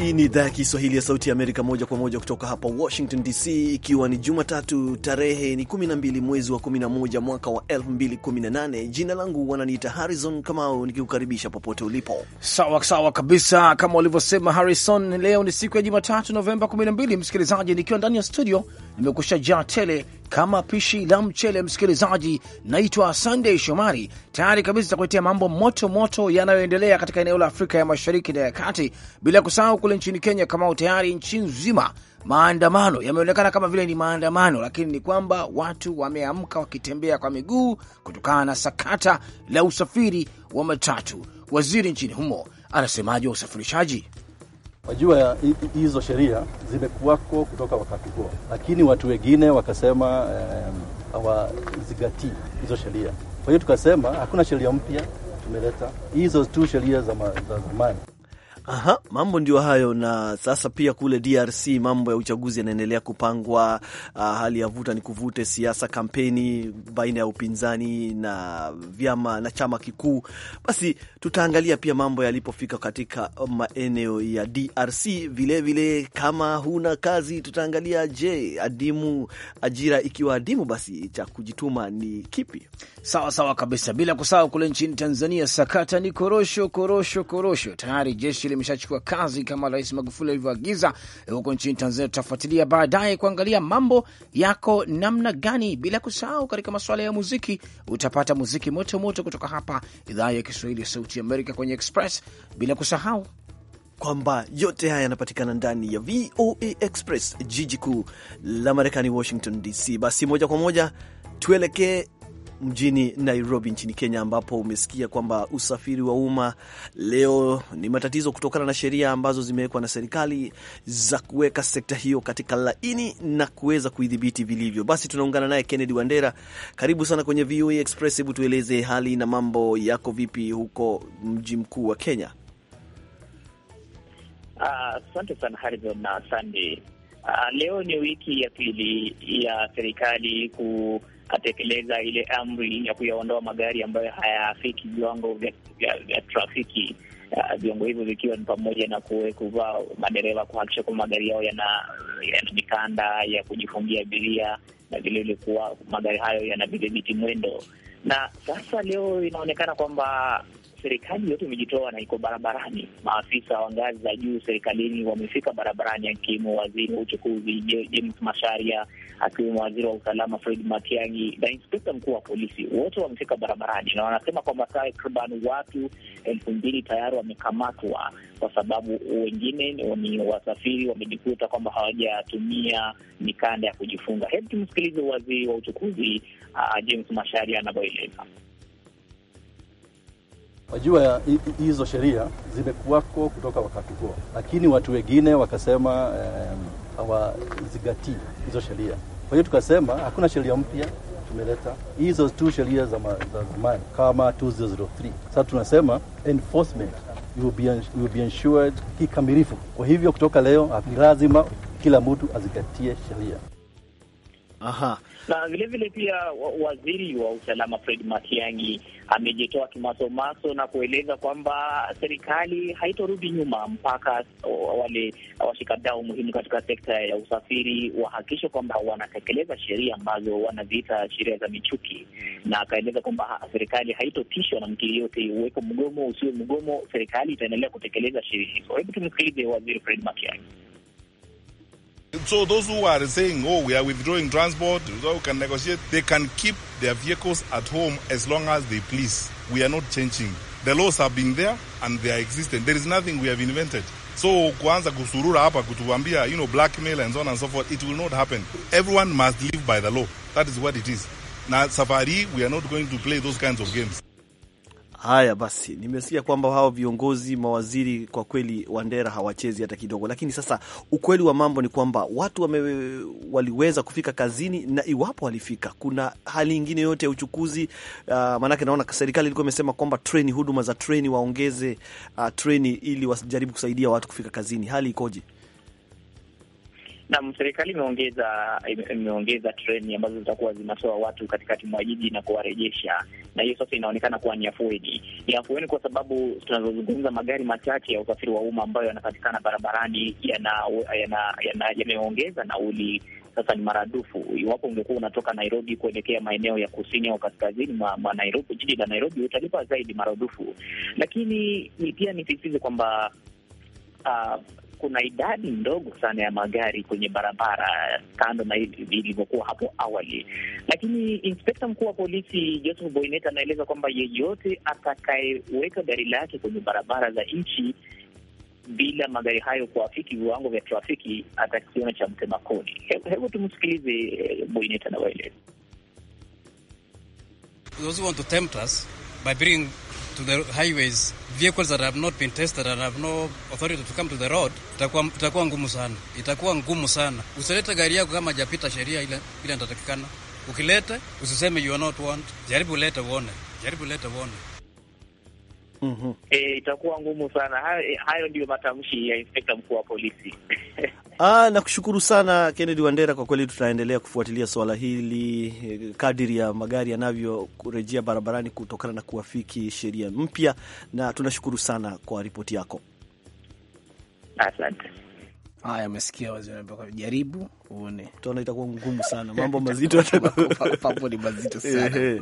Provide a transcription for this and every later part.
Hii ni idhaa ya Kiswahili ya Sauti ya Amerika, moja kwa moja kutoka hapa Washington DC, ikiwa ni Jumatatu tarehe ni 12 mwezi wa 11 mwaka wa 2018. Jina langu wananiita Harrison Kamau, nikikukaribisha popote ulipo. Sawa sawa kabisa, kama ulivyosema Harrison, leo ni siku ya Jumatatu Novemba 12, msikilizaji, nikiwa ndani ya studio nimekusha jaa tele kama pishi la mchele. Msikilizaji, naitwa Sunday Shomari, tayari kabisa takuletea mambo moto moto yanayoendelea katika eneo la Afrika ya Mashariki na ya Kati, bila kusahau kule nchini Kenya. Kama tayari nchi nzima maandamano yameonekana kama vile ni maandamano, lakini ni kwamba watu wameamka wakitembea kwa miguu kutokana na sakata la usafiri wa matatu. Waziri nchini humo anasemaje wa usafirishaji? Wajua, hizo sheria zimekuwako kutoka wakati huo, lakini watu wengine wakasema hawazingatii um, hizo sheria. Kwa hiyo tukasema hakuna sheria mpya tumeleta, hizo tu sheria za zamani. Aha, mambo ndio hayo. Na sasa pia kule DRC mambo ya uchaguzi yanaendelea kupangwa. Uh, hali ya vuta ni kuvute siasa, kampeni baina ya upinzani na vyama na chama kikuu. Basi tutaangalia pia mambo yalipofika katika maeneo ya DRC vilevile vile, kama huna kazi tutaangalia, je, adimu ajira ikiwa adimu, basi cha kujituma ni kipi? Sawa sawa kabisa, bila kusahau kule nchini Tanzania sakata ni korosho korosho korosho, tayari jeshi limeshachukua kazi kama Rais Magufuli alivyoagiza e, huko nchini Tanzania. Tutafuatilia baadaye kuangalia mambo yako namna gani, bila kusahau katika masuala ya muziki utapata muziki moto moto kutoka hapa idhaa ya Kiswahili ya Sauti Amerika kwenye Express, bila kusahau kwamba yote haya yanapatikana ndani ya VOA Express, jiji kuu la Marekani, Washington DC. Basi moja kwa moja tuelekee mjini Nairobi nchini Kenya, ambapo umesikia kwamba usafiri wa umma leo ni matatizo kutokana na sheria ambazo zimewekwa na serikali za kuweka sekta hiyo katika laini na kuweza kuidhibiti vilivyo. Basi tunaungana naye Kennedy Wandera, karibu sana kwenye VOA e Express. Hebu tueleze hali na mambo yako vipi huko mji mkuu wa Kenya? Ah, asante uh, sana Harrison na Sandi. Uh, ah, leo ni wiki ya pili ya serikali ku atekeleza ile amri ya kuyaondoa magari ambayo hayaafiki viwango vya, vya, vya trafiki uh, viwango hivyo vikiwa ni pamoja na kuvaa madereva kuhakikisha kuwa magari yao yana yana mikanda ya kujifungia abiria na vilevile kuwa magari hayo yana vidhibiti mwendo. Na sasa leo inaonekana kwamba serikali yote imejitoa na iko barabarani. Maafisa wa ngazi za juu serikalini wamefika barabarani, akiwemo waziri wa uchukuzi James Masharia, akiwemo waziri wa usalama Fred Matiang'i na inspekta mkuu wa polisi, wote wamefika barabarani na wanasema kwamba takriban watu elfu mbili tayari wamekamatwa, kwa sababu wengine ni wasafiri wamejikuta kwamba hawajatumia mikanda ya kujifunga. Hebu tumsikilize waziri wa uchukuzi uh, James Masharia anavyoeleza. Wajua hizo sheria zimekuwako kutoka wakati huo, lakini watu wengine wakasema hawazingatii um, hizo sheria. Kwa hiyo tukasema hakuna sheria mpya tumeleta hizo tu sheria za, zamani kama 2003. Sasa tunasema enforcement will be, will be ensured kikamilifu. Kwa hivyo kutoka leo ni lazima kila mtu azingatie sheria. Aha. Na vilevile pia waziri wa usalama Fred Matiang'i amejitoa kimasomaso na kueleza kwamba serikali haitorudi nyuma mpaka wale washikadau muhimu katika sekta ya usafiri wahakikishe kwamba wanatekeleza sheria ambazo wanaziita sheria za michuki, na akaeleza kwamba serikali haitotishwa na mtu yeyote, uweko mgomo usiwe mgomo, serikali itaendelea kutekeleza sheria hizo. Hebu tumsikilize waziri Fred Matiang'i. So those who are saying, oh, we are withdrawing transport, so can negotiate, they can keep their vehicles at home as long as they please. We are not changing. The laws have been there and they are existing. There is nothing we have invented. So kuanza kusurura hapa kutuambia, you know, blackmail and so on and so forth, it will not happen. Everyone must live by the law. That is what it is. Now, safari, we are not going to play those kinds of games. Haya basi, nimesikia kwamba hao viongozi mawaziri, kwa kweli Wandera hawachezi hata kidogo. Lakini sasa ukweli wa mambo ni kwamba watu wame, waliweza kufika kazini, na iwapo walifika, kuna hali ingine yote ya uchukuzi uh, maanake naona serikali ilikuwa imesema kwamba treni, huduma za treni waongeze uh, treni ili wajaribu kusaidia watu kufika kazini. Hali ikoje? Naam, serikali imeongeza imeongeza treni ambazo zitakuwa zinatoa watu katikati mwa jiji na kuwarejesha, na hiyo sasa inaonekana kuwa ni afueni. Ni afueni kwa sababu tunazozungumza, magari machache ya usafiri wa umma ambayo yanapatikana barabarani yameongeza yana, yana, yana nauli sasa ni maradufu. Iwapo ungekuwa unatoka Nairobi kuelekea maeneo ya kusini au kaskazini mwa, ma, Nairobi, jiji la Nairobi, utalipa zaidi maradufu. Lakini pia nisisitize kwamba uh, kuna idadi ndogo sana ya magari kwenye barabara kando na ilivyokuwa hapo awali, lakini inspekta mkuu wa polisi Joseph Boynet anaeleza kwamba yeyote atakayeweka gari lake kwenye barabara za nchi bila magari hayo kuafiki viwango vya trafiki atakiona cha mtema kodi. Hebu tumsikilize eh, Boynet anawaeleza to the highways, vehicles that have not been tested and have no authority to come to the road, itakuwa itakuwa ngumu sana, itakuwa ngumu sana. Usilete gari yako kama japita sheria ile ile inatakikana. Ukilete usiseme you are not want, jaribu lete uone, jaribu lete uone mm -hmm. E, itakuwa ngumu sana. Eh, hayo, hayo ndiyo matamshi ya inspekta mkuu wa polisi. Ah, nakushukuru sana Kennedy Wandera, kwa kweli tutaendelea kufuatilia swala hili eh, kadiri ya magari yanavyorejea barabarani kutokana na kuafiki sheria mpya, na tunashukuru sana kwa ripoti yako, asante. Haya, umesikia waziri mpaka jaribu uone, tuona itakuwa ngumu sana, mambo mazito papo ni mazito sana.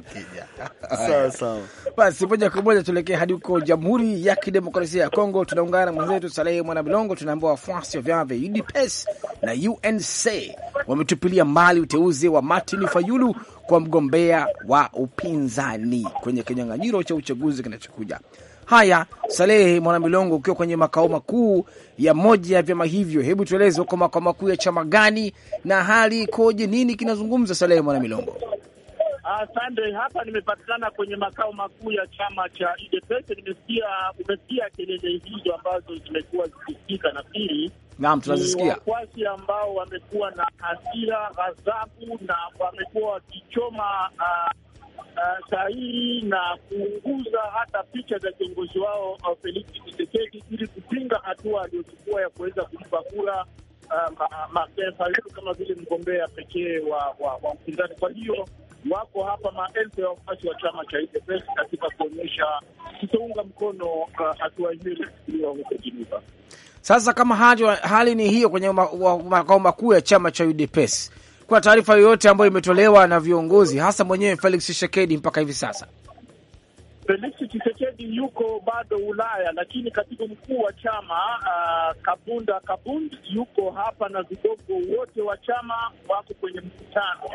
Sawa sawa, basi moja kwa moja tuelekee hadi huko Jamhuri ya Kidemokrasia ya Kongo. Tunaungana na mwenzetu Salehe milongo Tunaambia wafuasi wa vyama vya UDPS na UNC wametupilia mbali uteuzi wa Martin Fayulu kwa mgombea wa upinzani kwenye kinyang'anyiro cha uchaguzi kinachokuja. Haya, Salehe Mwanamilongo, ukiwa kwenye makao makuu ya moja ya vyama hivyo, hebu tueleze uko makao makuu ya chama gani na hali ikoje? Nini kinazungumza, Salehe Mwanamilongo? Asante. Hapa nimepatikana kwenye makao makuu ya chama cha UDPS. Nimesikia, umesikia kelele hizo ambazo zimekuwa zikisikika, nafikiri naam, tunazisikia wafuasi ambao wamekuwa na hasira, ghadhabu na wamekuwa wakichoma uh, Ah, sahihi na kuunguza hata picha za kiongozi wao ah, Felix Tshisekedi ili kupinga hatua aliyochukua ya kuweza kulipa kura uh, ah, leo kama vile mgombea pekee wa, upinzani. Kwa hiyo wako hapa maelfu ya wafuasi wa chama cha UDPS katika kuonyesha kutounga mkono hatua hiyo iliyochukuliwa huko Geneva. Sasa kama hali ni hiyo kwenye makao makuu ya chama cha UDPS kwa taarifa yoyote ambayo imetolewa na viongozi, hasa mwenyewe Felix Tshisekedi mpaka hivi sasa? Felix Tshisekedi yuko bado Ulaya, lakini katibu mkuu wa chama uh, Kabunda Kabund yuko hapa na vigogo wote wa chama wako kwenye mkutano,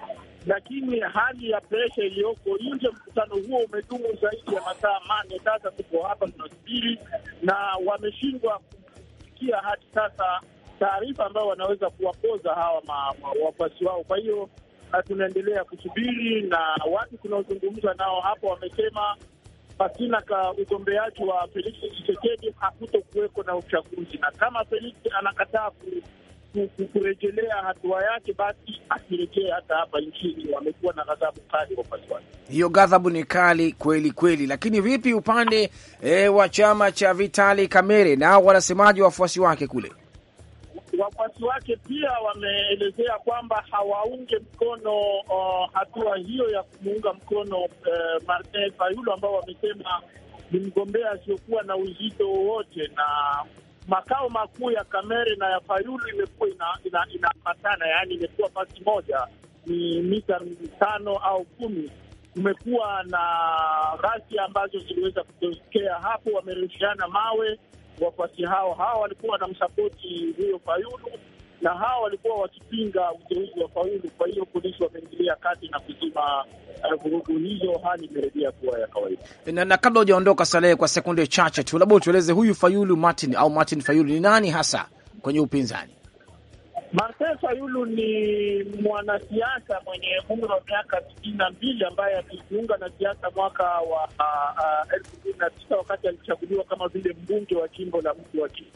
lakini hali ya presha iliyoko nje. Mkutano huo umedumu zaidi ya masaa mane sasa, tuko hapa tunasubiri, na wameshindwa kufikia hadi sasa taarifa ambao wanaweza kuwapoza hawa wafuasi wao. Kwa hiyo tunaendelea kusubiri, na watu tunaozungumza nao hapo wamesema pasina ka ugombeaji wa Felix Tshisekedi hakutokuweko na uchaguzi, na kama Felix anakataa kurejelea hatua yake, basi asirejee hata hapa nchini. Wamekuwa na ghadhabu kali wafuasi wake, hiyo ghadhabu ni kali kweli kweli. Lakini vipi upande e, wa chama cha Vitali Kamere, nao wanasemaje wafuasi wake kule? wafuasi wake pia wameelezea kwamba hawaunge mkono uh, hatua hiyo ya kumuunga mkono uh, Martin Fayulu ambao wamesema ni mgombea asiyokuwa na uzito wowote, na makao makuu ya Kamere na ya Fayulu imekuwa inaambatana ina, ina yaani imekuwa pasi moja ni mita tano au kumi. Kumekuwa na ghasia ambazo ziliweza kutokea hapo, wamerushiana mawe wafuasi hao hawa walikuwa wanamsapoti huyo Fayulu na hawa walikuwa wakipinga uteuzi wa Fayulu. Kwa hiyo polisi wameingilia kati na kuzima eh, vurugu uh, hizo, hali imerejea kuwa ya kawaida. Na, na kabla hujaondoka Salehe, kwa sekunde chache tu, labda utueleze huyu Fayulu Martin au Martin Fayulu ni nani hasa kwenye upinzani? Marcesa fayulu ni mwanasiasa mwenye umri wa miaka sitini na mbili ambaye alijiunga na siasa mwaka wa uh, uh, elfu mbili na tisa wakati alichaguliwa kama vile mbunge wa jimbo la mji wa Kii.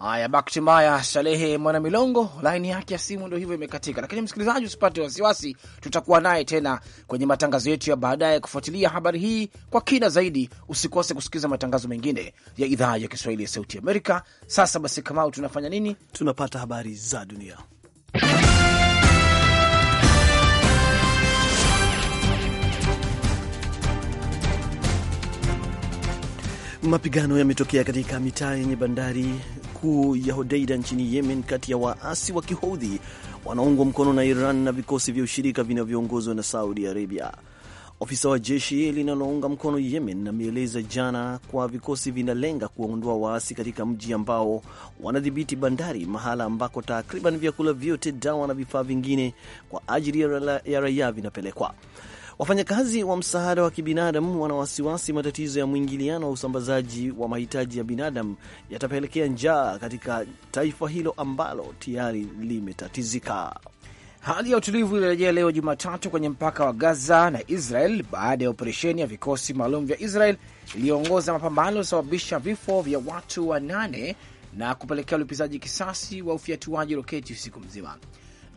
Haya, Baktimaya Salehe Mwanamilongo, laini yake ya simu ndo hivyo imekatika, lakini msikilizaji, usipate wasiwasi, tutakuwa naye tena kwenye matangazo yetu ya baadaye kufuatilia habari hii kwa kina zaidi. Usikose kusikiliza matangazo mengine ya idhaa ya Kiswahili ya Sauti Amerika. Sasa basi, Kamau, tunafanya nini? Tunapata habari za dunia. Mapigano yametokea katika mitaa yenye bandari kuu ya Hodeida nchini Yemen kati ya waasi wa Kihoudhi wanaungwa mkono na Iran na vikosi vya ushirika vinavyoongozwa na Saudi Arabia. Ofisa wa jeshi linalounga mkono Yemen ameeleza jana kwa vikosi vinalenga kuwaondoa waasi katika mji ambao wanadhibiti bandari, mahala ambako takriban vyakula vyote, dawa na vifaa vingine kwa ajili ya raia vinapelekwa. Wafanyakazi wa msaada wa kibinadamu wana wasiwasi matatizo ya mwingiliano wa usambazaji wa mahitaji ya binadamu yatapelekea njaa katika taifa hilo ambalo tayari limetatizika. Hali ya utulivu ilirejea leo Jumatatu kwenye mpaka wa Gaza na Israel baada ya operesheni ya vikosi maalum vya Israel iliyoongoza mapambano yaliyosababisha vifo vya watu wanane na kupelekea ulipizaji kisasi wa ufiatuaji roketi usiku mzima.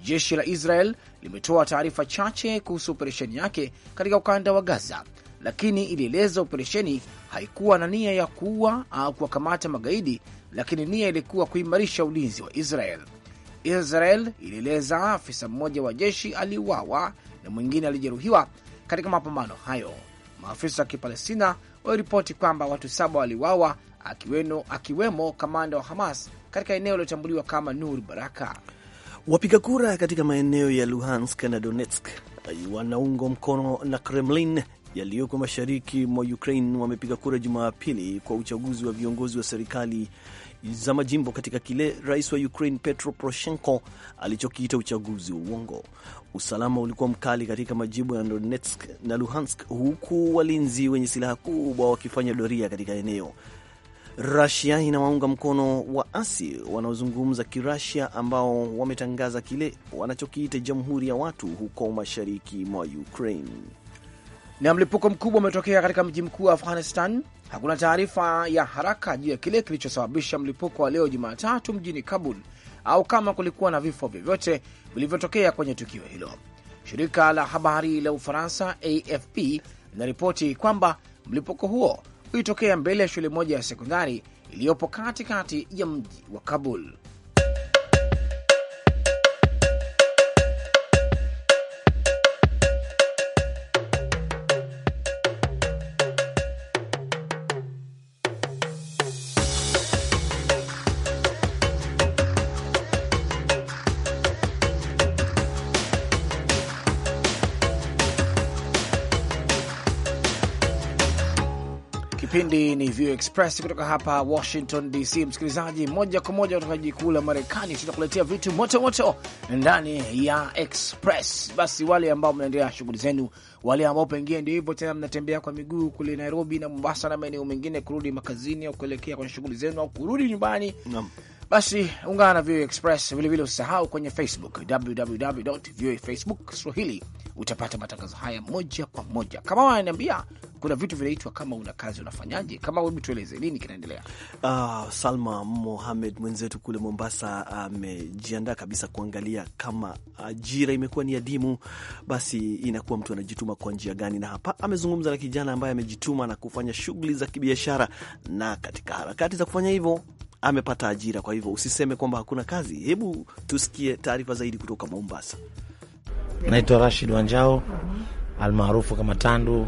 Jeshi la Israel limetoa taarifa chache kuhusu operesheni yake katika ukanda wa Gaza, lakini ilieleza operesheni haikuwa na nia ya kuua au kuwakamata magaidi, lakini nia ilikuwa kuimarisha ulinzi wa Israel. Israel ilieleza afisa mmoja wa jeshi aliuawa na mwingine alijeruhiwa katika mapambano hayo. Maafisa wa Kipalestina waliripoti kwamba watu saba waliuawa, akiwemo, akiwemo kamanda wa Hamas katika eneo lilotambuliwa kama Nur Baraka. Wapiga kura katika maeneo ya Luhansk na Donetsk eh, wanaungwa mkono na Kremlin yaliyoko mashariki mwa Ukraine wamepiga kura Jumapili kwa uchaguzi wa viongozi wa serikali za majimbo katika kile rais wa Ukraine Petro Poroshenko alichokiita uchaguzi wa uongo. Usalama ulikuwa mkali katika majimbo ya Donetsk na Luhansk, huku walinzi wenye silaha kubwa wakifanya doria katika eneo. Rasia inawaunga mkono waasi wanaozungumza Kirasia ambao wametangaza kile wanachokiita jamhuri ya watu huko mashariki mwa Ukraine. Na mlipuko mkubwa umetokea katika mji mkuu wa Afghanistan. Hakuna taarifa ya haraka juu ya kile kilichosababisha mlipuko wa leo Jumatatu mjini Kabul au kama kulikuwa na vifo vyovyote vilivyotokea kwenye tukio hilo. Shirika la habari la Ufaransa AFP linaripoti kwamba mlipuko huo ulitokea mbele ya shule moja ya sekondari iliyopo katikati ya mji wa Kabul. kipindi ni View Express kutoka hapa Washington DC. Msikilizaji, moja kwa moja kutoka jiji kuu la Marekani, tunakuletea vitu motomoto ndani ya Express. Basi wale ambao mnaendelea shughuli zenu, wale ambao pengine ndio hivyo tena mnatembea kwa miguu kule Nairobi na Mombasa na maeneo mengine, kurudi makazini au kuelekea kwenye shughuli zenu au kurudi nyumbani, basi ungana na vo Express vilevile, usisahau kwenye Facebook facebook Swahili utapata matangazo haya moja kwa moja. Kama wananiambia kuna vitu vinaitwa kama una kazi unafanyaje, kama wewe tueleze nini kinaendelea. Uh, Salma Mohamed mwenzetu kule Mombasa amejiandaa uh, kabisa kuangalia kama ajira imekuwa ni adimu, basi inakuwa mtu anajituma kwa njia gani, na hapa amezungumza na kijana ambaye amejituma na kufanya shughuli za kibiashara, na katika harakati za kufanya hivyo amepata ajira. Kwa hivyo usiseme kwamba hakuna kazi. Hebu tusikie taarifa zaidi kutoka Mombasa. Naitwa Rashid Wanjao almaarufu kama Tandu,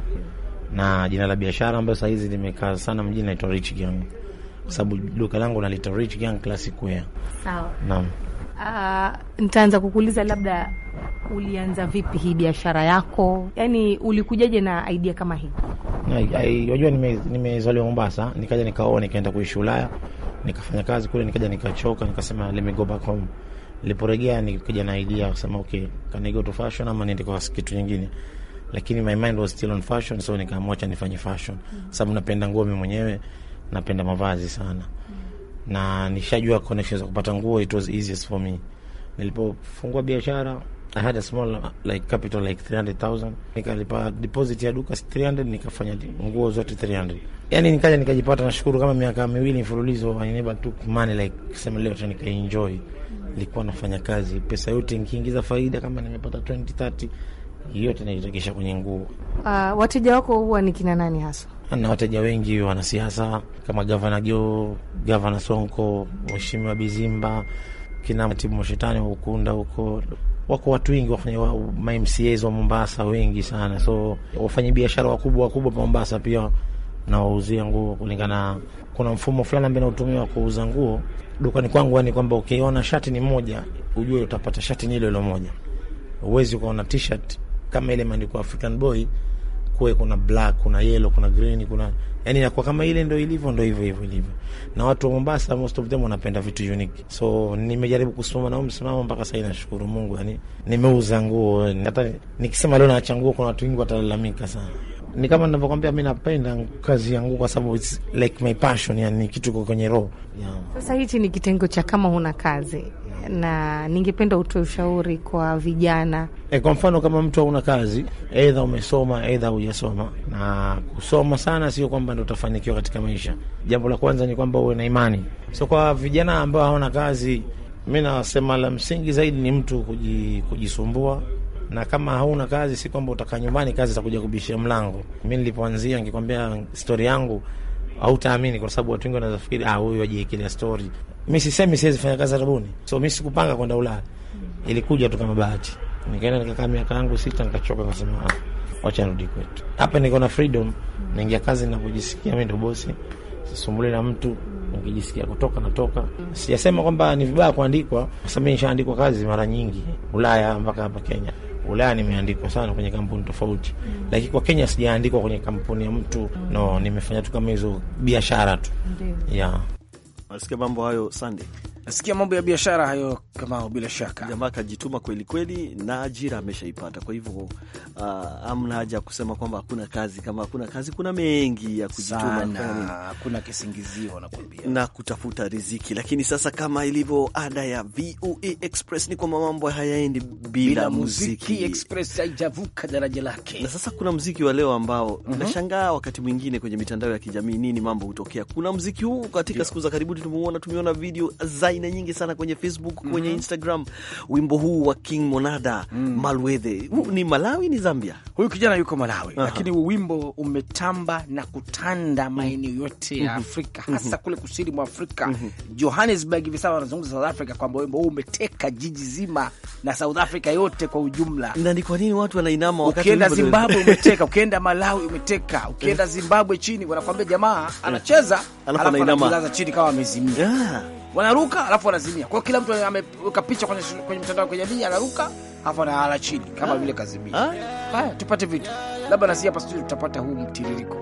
na jina la biashara ambayo saa hizi nimekaa sana mjini naitwa Rich Gang, kwa sababu duka langu nalita Rich Gang Classic Wear. Sawa, naam. Uh, nitaanza kukuuliza labda ulianza vipi hii biashara yako, yaani ulikujaje na idea kama hii? Unajua, nimezaliwa Mombasa, nikaja nikaoa, nikaenda kuishi Ulaya, nikafanya kazi kule, nikaja nikachoka, nikasema let me go back home Niliporejea nilikuja na idea kusema okay, can I go to fashion ama niende kwa kitu kingine, lakini my mind was still on fashion, so nikaamua cha nifanye fashion mm. sababu napenda nguo mimi mwenyewe, napenda mavazi sana mm. na nishajua connections za kupata nguo, it was easiest for me. Nilipofungua biashara I had a small like capital like 300,000 nikalipa deposit ya duka 300, nikafanya nguo zote 300, yani nikaja nikajipata. Nashukuru kama miaka miwili mfululizo I never took money like kusema leo tu nikaenjoy nilikuwa nafanya kazi, pesa yote nikiingiza faida, kama nimepata 20 30 yote najitakisha kwenye nguo. Uh, wateja wako huwa ni kina nani hasa? Ah, na wateja wengi wanasiasa kama Gavana Jo, Gavana Sonko, Mheshimiwa Bizimba, kina Matibu Mashetani wa Ukunda huko wako watu wengi wafanya wa MCAs wa Mombasa wengi sana, so wafanya biashara wakubwa wakubwa Mombasa pia nawauzia nguo kulingana, kuna mfumo fulani ambao nautumia kuuza nguo dukani kwangu, yani kwamba ukiona shati ni moja ujue utapata shati hilo ile moja. Uwezi ukaona t-shirt kama ile imeandikwa African Boy kuwe kuna black, kuna yellow, kuna green, kuna yani inakuwa kama ile ndio ilivyo, ndio hivyo hivyo ilivyo. Na watu wa Mombasa most of them wanapenda vitu unique, so nimejaribu kusimama na msimamo mpaka sasa, inashukuru Mungu, yani nimeuza nguo. Hata nikisema leo naacha nguo, kuna watu wengi watalalamika sana ni kama ninavyokwambia, mi napenda kazi yangu kwa sababu it's like my passion, yani ni kitu kwenye roho yeah. Sasa hichi ni kitengo cha kama huna kazi Na ningependa utoe ushauri kwa vijana e, kwa mfano kama mtu hauna kazi, aidha umesoma aidha hujasoma, na kusoma sana sio kwamba ndo utafanikiwa katika maisha. Jambo la kwanza ni kwamba uwe na imani. So kwa vijana ambao hawana kazi, mi nasema la msingi zaidi ni mtu kujisumbua na kama hauna kazi, si kwamba utakaa nyumbani, kazi itakuja kubishia mlango. Mi nilipoanzia, nkikwambia stori yangu hautaamini, kwa sababu watu wengi wanaweza fikiri ah, huyu ajiekelea stori. Mi sisemi siwezi fanya kazi arabuni, so mi sikupanga kwenda Ulaya, ilikuja tu kama bahati. Nikaenda nikakaa miaka yangu sita, nikachoka, kasema ah, wacha nirudi kwetu. Hapa niko na freedom, naingia kazi napojisikia, mi ndo bosi, sisumbuli na mtu nikijisikia kutoka natoka. Sijasema kwamba ni vibaya kuandikwa, kwa sababu nishaandikwa kazi mara nyingi Ulaya mpaka hapa Kenya. Ulaya nimeandikwa sana kwenye kampuni tofauti mm. Lakini kwa Kenya sijaandikwa kwenye kampuni ya mtu no, nimefanya tu kama hizo biashara tu yeah. Nasikia mambo hayo Sunday Nasikia mambo ya biashara hayo, kama bila shaka jamaa kajituma kweli kweli, na ajira ameshaipata. Kwa hivyo uh, amna haja ya kusema kwamba hakuna kazi. Kama hakuna kazi, kuna mengi ya kujituma, hakuna kisingizio nakwambia, na kutafuta riziki. Lakini sasa, kama ilivyo ada ya VOA e Express, ni kwamba mambo hayaendi bila, bila muziki. muziki Express haijavuka daraja lake, na sasa kuna mziki wa leo ambao mm -hmm. nashangaa wakati mwingine kwenye mitandao ya kijamii nini mambo hutokea. Kuna mziki huu katika siku za karibuni tumeona tumeona video zaidi aina nyingi sana kwenye Facebook, mhm. kwenye mm -hmm. Instagram. Wimbo huu wa King Monada mm. Malwethe ni Malawi ni Zambia, huyu kijana yuko Malawi uh -huh. Lakini wimbo umetamba na kutanda mm. maeneo yote ya mm-hmm. Afrika mm -hmm. hasa kule kusini mwa Afrika mm -hmm. Johannesburg hivi sasa wanazungumza South Africa kwamba wimbo huu umeteka jiji zima na South Africa yote kwa ujumla. Na ni kwa nini watu wanainama wakati ukienda Zimbabwe umeteka, ukienda Malawi umeteka, ukienda eh. Zimbabwe chini wanakwambia jamaa eh. anacheza alafu anainama chini kama amezimia yeah wanaruka alafu wanazimia. Kwa kila mtu ameweka picha kwenye, kwenye mtandao wa kijamii anaruka alafu analala chini kama vile kazimia. Haya, tupate vitu labda nasi hapa studio tutapata huu mtiririko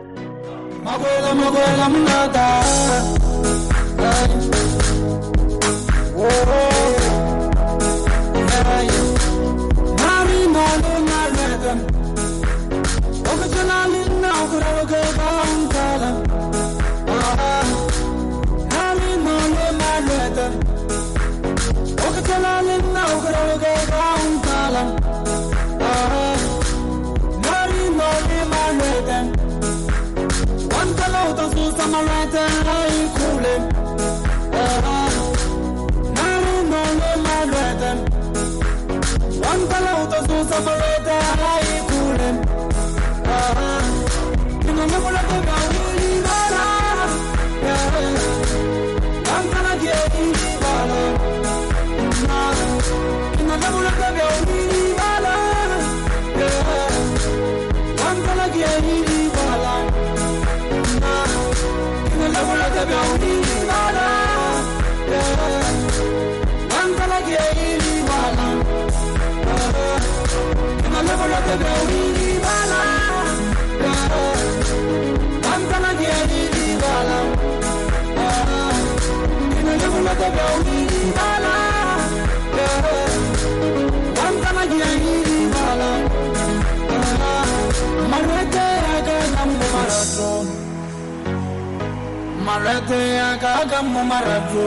Arate akaga mumarabu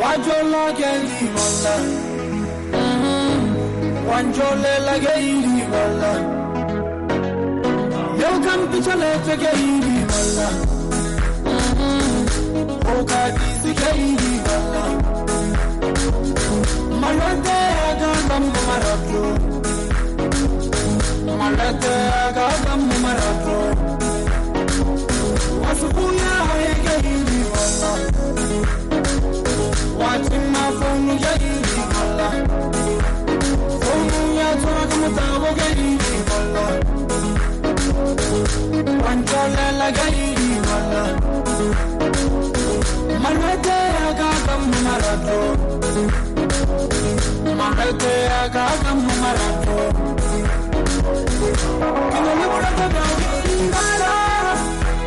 Wajolo keli wala mm-hmm. Wanjole lage iri wala Yogan pichale tege iri wala mm-hmm. Oka disi ke iri wala Malate akaga mumarabu Malate akaga mumarabu I'm gonna live whatever I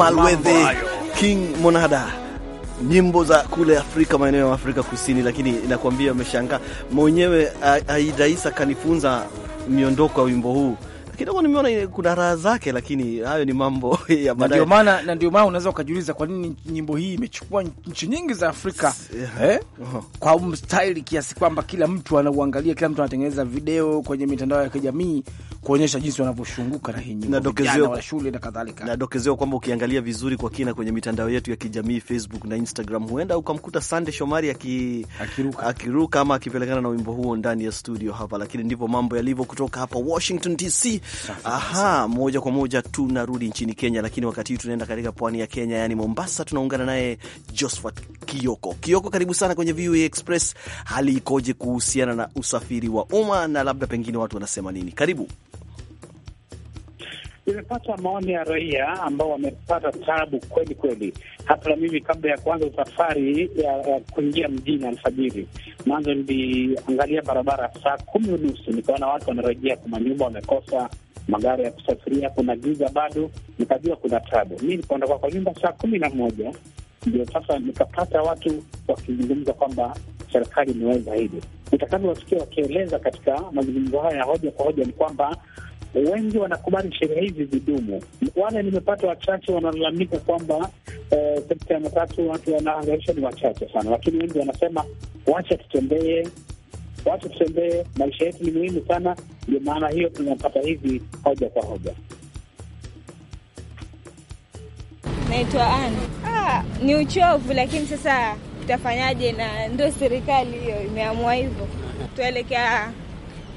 Malwethe King Monada, nyimbo za kule Afrika, maeneo ya Afrika Kusini, lakini inakuambia ameshangaa mwenyewe. Aida Isa kanifunza miondoko ya wimbo huu kidogo nimeona kuna raha zake, lakini hayo ni mambo ya baadaye. Na ndio maana unaweza ukajiuliza kwa nini nyimbo hii imechukua nchi nyingi za Afrika yeah. Eh? Uh eh? -huh. Kwa mstaili kiasi kwamba kila mtu anauangalia, kila mtu anatengeneza video kwenye mitandao ya kijamii kuonyesha jinsi wanavyoshunguka na hinyimbo vijana wa shule na kadhalika. Nadokezewa kwamba ukiangalia vizuri kwa kina kwenye mitandao yetu ya kijamii Facebook na Instagram, huenda ukamkuta Sande Shomari aki, akiruka, akiruka ama akipelekana na wimbo huo ndani ya studio hapa, lakini ndivyo mambo yalivyo. Kutoka hapa Washington DC, aha, moja kwa moja tunarudi nchini Kenya, lakini wakati huu tunaenda katika pwani ya Kenya, yani Mombasa, tunaungana naye Josphat Kioko. Kioko, karibu sana kwenye VOA Express. Hali ikoje kuhusiana na usafiri wa umma na labda pengine watu wanasema nini? Karibu. imepata maoni ya raia ambao wamepata tabu kweli kweli. Hata na mimi kabla ya kuanza safari ya, ya kuingia mjini alfajiri, mwanzo niliangalia barabara saa kumi unusu nikaona watu wanarejea kwa manyumba, wamekosa magari ya kusafiria, kuna giza bado, nikajua kuna tabu. Mi nikaondoka kwa nyumba saa kumi na moja ndio sasa nikapata watu wakizungumza kwamba serikali imeweza hivi. wasikia wakieleza katika mazungumzo haya ya hoja kwa hoja ni kwamba wengi wanakubali sheria hizi zidumu. Wale nimepata wachache wanalalamika kwamba eh, sekta ya matatu watu wanaangaisha ni wachache sana, lakini wengi wanasema wacha tutembee, wacha tutembee, maisha yetu ni muhimu sana. Ndio maana hiyo tunapata hizi hoja kwa hoja. naitwa Ann. Ah, ni uchovu, lakini sasa tutafanyaje? Na ndio serikali hiyo imeamua hivyo. Tuelekea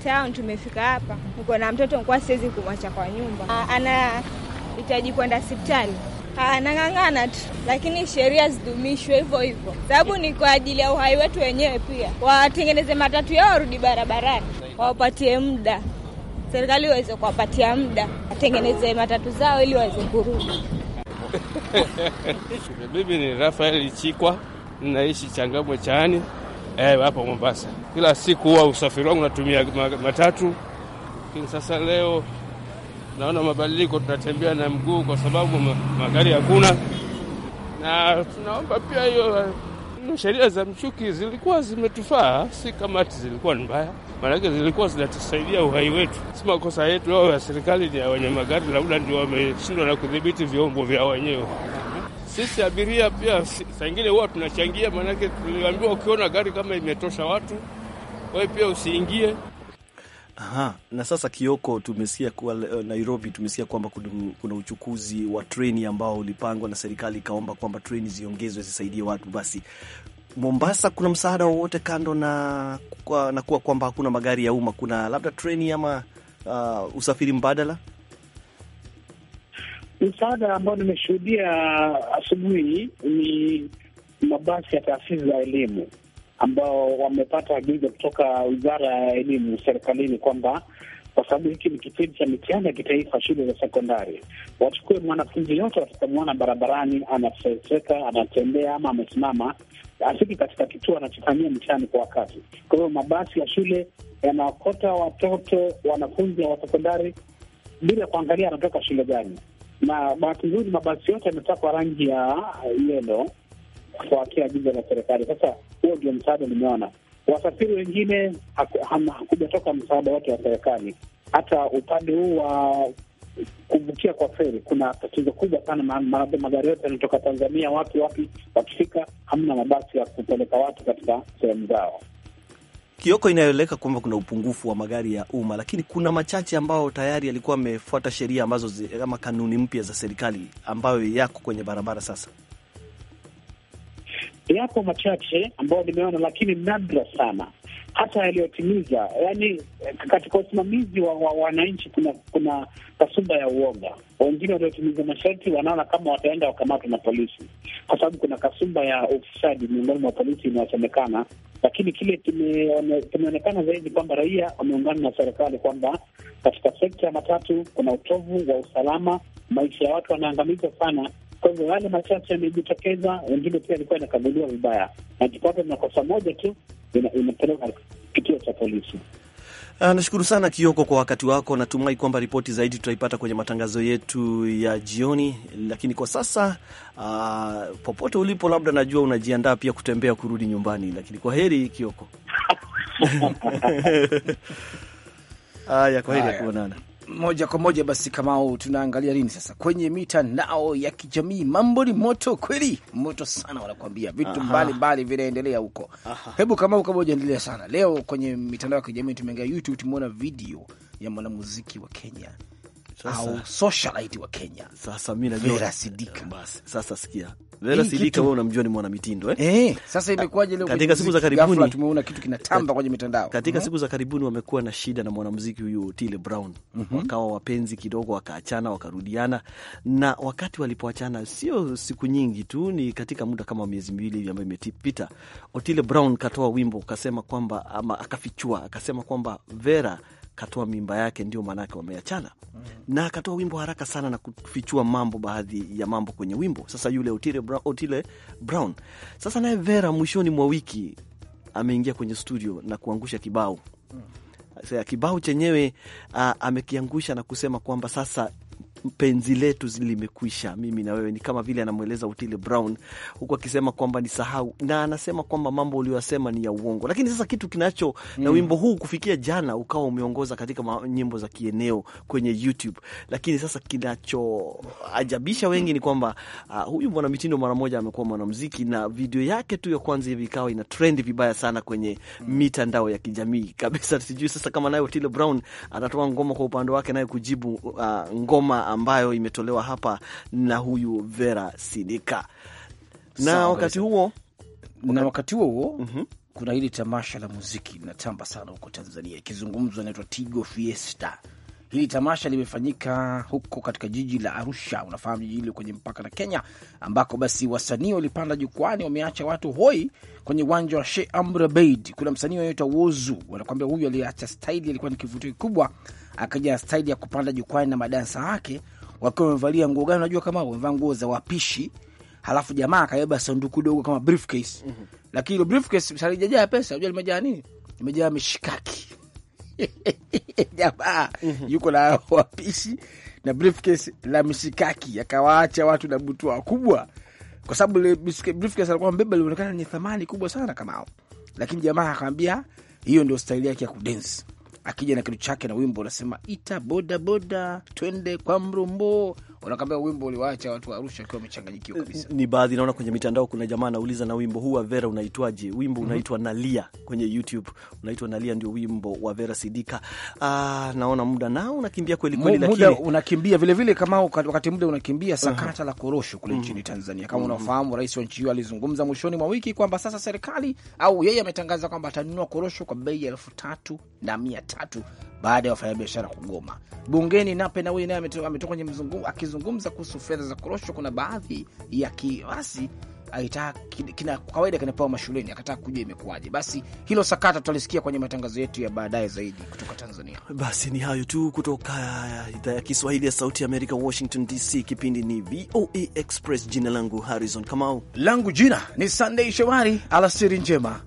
town, tumefika hapa, niko na mtoto nikuwa siwezi kumwacha kwa nyumba, ah, anahitaji kwenda hospitali ah, anang'ang'ana tu, lakini sheria zidumishwe hivyo hivyo, sababu ni kwa ajili ya uhai wetu wenyewe. Pia watengeneze matatu yao, warudi barabarani, wawapatie muda, serikali iweze kuwapatia muda, watengeneze matatu zao ili waweze kurudi. Mimi ni Rafael Chikwa, ninaishi Changamwe Chaani eh, hapa Mombasa. Kila siku huwa usafiri wangu natumia matatu, lakini sasa leo naona mabadiliko, tunatembea na mguu kwa sababu magari hakuna, na tunaomba pia hiyo eh, sheria za mchuki zilikuwa zimetufaa, si kamati zilikuwa ni mbaya maanake zilikuwa zinatusaidia uhai wetu. Si makosa yetu ao ya serikali ni ya wenye magari, labda ndio wameshindwa na kudhibiti vyombo vya wenyewe. Sisi abiria pia saingine huwa tunachangia, maanake tuliambiwa ukiona gari kama imetosha watu, wewe pia usiingie. Aha, na sasa Kioko, tumesikia kwa eh, Nairobi, tumesikia kwamba kuna uchukuzi wa treni ambao ulipangwa na serikali ikaomba kwamba treni ziongezwe zisaidie watu. Basi Mombasa kuna msaada wowote kando na, kwa, na kuwa kwamba hakuna magari ya umma? Kuna labda treni ama uh, usafiri mbadala? Msaada ambao nimeshuhudia asubuhi ni mabasi ya taasisi za elimu ambao wamepata agizo kutoka wizara ya elimu serikalini kwamba kwa sababu hiki ni kipindi cha mitihani ya kitaifa shule za sekondari. Wachukue mwanafunzi yote watakamwona barabarani anaseseka, anatembea ama amesimama, asiki katika kituo anachofanyia mtihani kwa wakati. Kwa hiyo mabasi ya shule yanaokota watoto wanafunzi wa sekondari bila kuangalia anatoka shule gani, na bahati nzuri mabasi yote yamepakwa rangi ya yelo kufuatia agizo la serikali. Sasa huo ndio msaada nimeona Wasafiri wengine hakujatoka msaada wote wa serikali. Hata upande huu wa kuvukia kwa feri kuna tatizo kubwa sana. Magari yote yanatoka Tanzania, wapi wapi wakifika, hamna mabasi ya kupeleka watu katika sehemu zao. Kioko, inayoeleka kwamba kuna upungufu wa magari ya umma, lakini kuna machache ambayo tayari yalikuwa amefuata sheria ambazo ama kanuni mpya za serikali ambayo yako kwenye barabara sasa. Yapo machache ambayo nimeona, lakini nadra sana, hata yaliyotimiza. Yani eh, katika usimamizi wa wananchi wa, kuna kuna kasumba ya uoga. Wengine waliotimiza masharti wanaona kama wataenda wakamatwa na polisi, kwa sababu kuna kasumba ya ufisadi miongoni mwa polisi inayosemekana. Lakini kile kimeonekana zaidi kwamba raia wameungana na serikali kwamba katika sekta ya matatu kuna utovu wa usalama, maisha ya watu wanaangamizwa sana kwa hivyo wale machache yamejitokeza, wengine pia alikuwa inakaguliwa vibaya, na kipata na kosa moja tu inapeleka kituo cha polisi. Ah, nashukuru sana Kioko kwa wakati wako. Natumai kwamba ripoti zaidi tutaipata kwenye matangazo yetu ya jioni, lakini kwa sasa uh, popote ulipo, labda najua unajiandaa pia kutembea kurudi nyumbani, lakini kwa heri Kioko. Haya, kwa heri ya kuonana moja kwa moja basi, Kamao, tunaangalia nini sasa kwenye mitandao ya kijamii? Mambo ni moto kweli, moto sana, wanakuambia vitu mbalimbali vinaendelea huko. Hebu Kamau, kama hujaendelea sana, leo kwenye mitandao ya kijamii tumeangalia YouTube, tumeona video ya mwanamuziki wa Kenya sasa, au socialite wa Kenya. Sasa mimi najua Vera Sidika. Eh, basi sasa sikia, Vera Sidika wewe unamjua ni eh? Eh, sasa imekuwaje leo katika siku za karibuni tumeona kitu kinatamba kwenye mitandao. Katika mhm. siku za karibuni wamekuwa na shida na mwanamuziki huyu Otile Brown. Mhm. Wakawa wapenzi kidogo, wakaachana, wakarudiana na wakati walipoachana sio siku nyingi tu, ni katika muda kama miezi miwili hivi ambayo imetipita, Otile Brown katoa wimbo, akasema kwamba ama akafichua, akasema kwamba Vera katoa mimba yake, ndio maanake wameachana mm na akatoa wimbo haraka sana na kufichua mambo, baadhi ya mambo kwenye wimbo. Sasa yule Otile Brown, Otile Brown. Sasa naye Vera mwishoni mwa wiki ameingia kwenye studio na kuangusha kibao mm Kibao chenyewe uh, amekiangusha na kusema kwamba sasa penzi letu limekwisha, mimi na wewe. Ni kama vile anamweleza Otile Brown huku akisema kwamba ni sahau, na anasema kwamba mambo uliyosema ni ya uongo. Lakini sasa kitu kinacho mm. na wimbo huu kufikia jana ukawa umeongoza katika nyimbo za kieneo kwenye YouTube, lakini sasa kinachoajabisha wengi ni kwamba uh, huyu mwanamitindo mara moja amekuwa mwanamziki na video yake tu ya kwanza hivi ikawa ina trend vibaya sana kwenye mm. mitandao ya kijamii kabisa. Sijui sasa kama naye Otile Brown atatoa ngoma kwa upande wake naye kujibu uh, ngoma ambayo imetolewa hapa na huyu Vera Sidika na Sao, wakati huo na wakati huo huo mm -hmm. Kuna hili tamasha la muziki linatamba sana huko Tanzania, ikizungumzwa inaitwa Tigo Fiesta Hili tamasha limefanyika huko katika jiji la Arusha, unafahamu jiji hilo kwenye mpaka na Kenya, ambako basi wasanii walipanda jukwani, wameacha watu hoi kwenye uwanja wa Sheikh Amri Abeid. Kuna msanii anaitwa Wozu, wanakwambia huyu aliacha staili, alikuwa ni kivutio kikubwa, akaja na staili ya kupanda jukwani na madansa yake, wakiwa wamevalia nguo gani? Unajua kama wamevaa nguo za wapishi Halafu jamaa akabeba sanduku dogo kama briefcase, mhm. lakini hilo briefcase halijajaa pesa. Unajua limejaa nini? Limejaa mishikaki jamaa yuko na wapishi na briefcase la mishikaki, akawaacha watu na butua kubwa, kwa sababu ile briefcase alikuwa mbeba lionekana ni thamani kubwa sana kamao, lakini jamaa akamwambia hiyo ndio staili yake ya kudensi akija na kitu chake na wimbo unasema ita boda boda twende kwa mrumbo wanakwambia wimbo uliwaacha watu wa Arusha wakiwa wamechanganyikiwa eh, kabisa. Ni baadhi naona kwenye mitandao, kuna jamaa anauliza, na wimbo huu wa Vera unaitwaje? Wimbo mhm. unaitwa mm -hmm. Nalia kwenye YouTube unaitwa Nalia, ndio wimbo wa Vera Sidika. Ah, naona muda nao unakimbia kweli kweli, lakini muda unakimbia vile vile, kama wakati muda unakimbia, sakata uh -huh. la korosho kule nchini mm -hmm. Tanzania kama mm -hmm. unafahamu, rais wa nchi hiyo alizungumza mwishoni mwa wiki kwamba sasa serikali au yeye ametangaza kwamba atanunua korosho kwa bei ya elfu tatu na mia tatu baada ya wafanyabiashara kugoma. Bungeni Nape huyu naye ametoka kwenye mzungu, akizungumza kuhusu fedha za korosho. Kuna baadhi ya kiasi kina kawaida kinapewa mashuleni, akataka kujua imekuwaje. Basi hilo sakata tutalisikia kwenye matangazo yetu ya baadaye zaidi kutoka Tanzania. Basi ni hayo tu kutoka uh, idhaa ya Kiswahili ya Sauti ya Amerika, Washington DC. Kipindi ni VOA e Express, jina langu Harrison Kamau, langu jina ni Sunday Shomari. Alasiri njema.